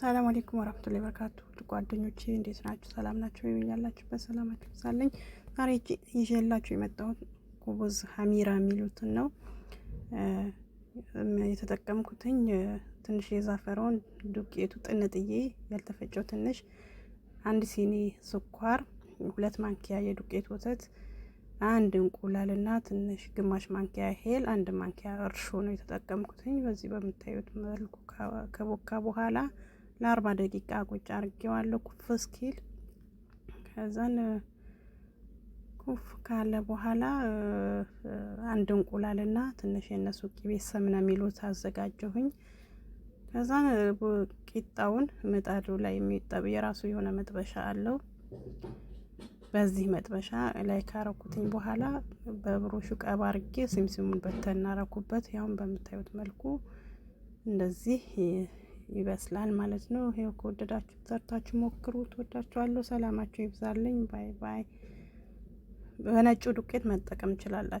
ሰላም አለይኩም ወራህመቱላሂ ወበረካቱ ጓደኞቼ እንዴት ናችሁ? ሰላም ናችሁ? ያላችሁበት ሰላማችሁ ይብዛልኝ። ዛሬ ይዤላችሁ የመጣሁት ኩቡዝ ሀሚራ የሚሉትን ነው የተጠቀምኩትኝ። ትንሽ የዛፈረውን ዱቄቱ ጥንጥዬ ያልተፈጨው ትንሽ አንድ ሲኒ ስኳር፣ ሁለት ማንኪያ የዱቄት ወተት፣ አንድ እንቁላልና ትንሽ ግማሽ ማንኪያ ሄል፣ አንድ ማንኪያ እርሾ ነው የተጠቀምኩትኝ። በዚህ በምታዩት መልኩ ከቦካ በኋላ ለአርባ ደቂቃ ቁጭ አርጌዋለሁ ኩፍ እስኪል። ከዛን ኩፍ ካለ በኋላ አንድ እንቁላልና ትንሽ የነሱ ቅቤ ስም ነው የሚሉት አዘጋጀሁኝ። ከዛን ቂጣውን ምጣዱ ላይ የሚጠብ የራሱ የሆነ መጥበሻ አለው። በዚህ መጥበሻ ላይ ካረኩትኝ በኋላ በብሮሹ ቀባ አርጌ ሲምሲሙን በተናረኩበት ያሁን በምታዩት መልኩ እንደዚህ ይበስላል ማለት ነው። ይሄው ከወደዳችሁ ሰርታችሁ ሞክሩ። ትወዳችኋለሁ። ሰላማችሁ ይብዛልኝ። ባይ ባይ። በነጩ ዱቄት መጠቀም ትችላላችሁ።